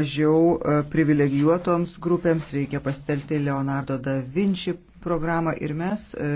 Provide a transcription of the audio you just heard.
mažiau e, privilegijuotoms grupėms reikia pasitelti Leonardo da Vinci programą ir mes e,